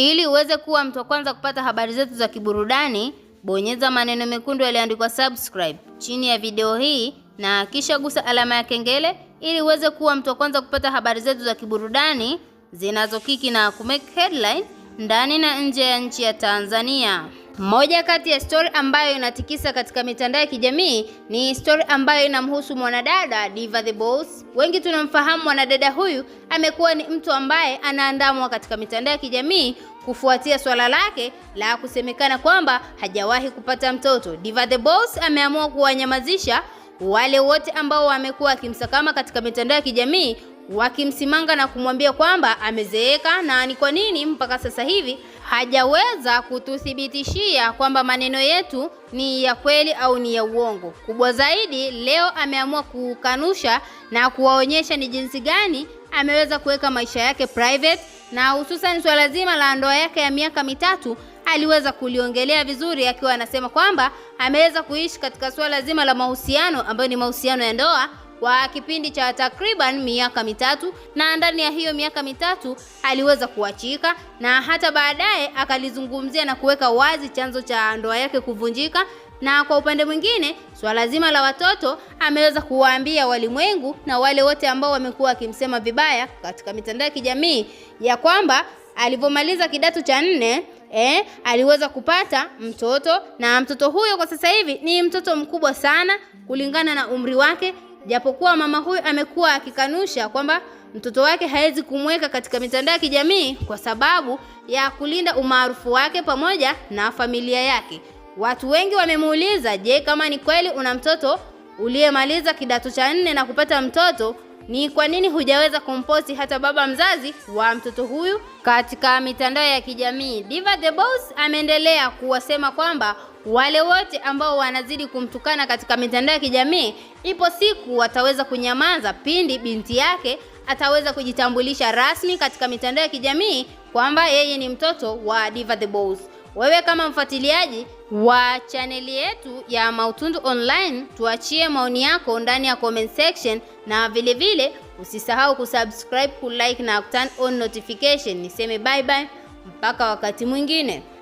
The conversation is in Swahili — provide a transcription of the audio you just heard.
Ili uweze kuwa mtu wa kwanza kupata habari zetu za kiburudani, bonyeza maneno mekundu yaliyoandikwa subscribe chini ya video hii na kisha gusa alama ya kengele ili uweze kuwa mtu wa kwanza kupata habari zetu za kiburudani zinazokiki na kumake headline ndani na nje ya nchi ya Tanzania. Moja kati ya stori ambayo inatikisa katika mitandao ya kijamii ni stori ambayo inamhusu mwanadada Diva the Boss. Wengi tunamfahamu mwanadada huyu amekuwa ni mtu ambaye anaandamwa katika mitandao ya kijamii kufuatia swala lake la kusemekana kwamba hajawahi kupata mtoto. Diva the Boss ameamua kuwanyamazisha wale wote ambao wamekuwa akimsakama katika mitandao ya kijamii wakimsimanga na kumwambia kwamba amezeeka na ni kwa nini mpaka sasa hivi hajaweza kututhibitishia kwamba maneno yetu ni ya kweli au ni ya uongo. Kubwa zaidi, leo ameamua kukanusha na kuwaonyesha ni jinsi gani ameweza kuweka maisha yake private na hususan swala zima la ndoa yake ya miaka mitatu aliweza kuliongelea vizuri, akiwa anasema kwamba ameweza kuishi katika swala zima la mahusiano ambayo ni mahusiano ya ndoa wa kipindi cha takriban miaka mitatu, na ndani ya hiyo miaka mitatu aliweza kuachika na hata baadaye akalizungumzia na kuweka wazi chanzo cha ndoa yake kuvunjika na kwa upande mwingine swala zima la watoto ameweza kuwaambia walimwengu na wale wote ambao wamekuwa wakimsema vibaya katika mitandao ya kijamii ya kwamba alivyomaliza kidato cha nne eh, aliweza kupata mtoto na mtoto huyo kwa sasa hivi ni mtoto mkubwa sana kulingana na umri wake Japokuwa mama huyu amekuwa akikanusha kwamba mtoto wake hawezi kumweka katika mitandao ya kijamii kwa sababu ya kulinda umaarufu wake pamoja na familia yake. Watu wengi wamemuuliza, je, kama ni kweli una mtoto uliyemaliza kidato cha nne na kupata mtoto ni kwa nini hujaweza kumposti hata baba mzazi wa mtoto huyu? Katika mitandao ya kijamii, Diva the Boss ameendelea kuwasema kwamba wale wote ambao wanazidi kumtukana katika mitandao ya kijamii, ipo siku wataweza kunyamaza pindi binti yake ataweza kujitambulisha rasmi katika mitandao ya kijamii kwamba yeye ni mtoto wa Diva the Boss. Wewe kama mfuatiliaji wa chaneli yetu ya Mautundu Online. Tuachie maoni yako ndani ya comment section, na vilevile vile, usisahau kusubscribe, kulike na turn on notification. Niseme bye bye mpaka wakati mwingine.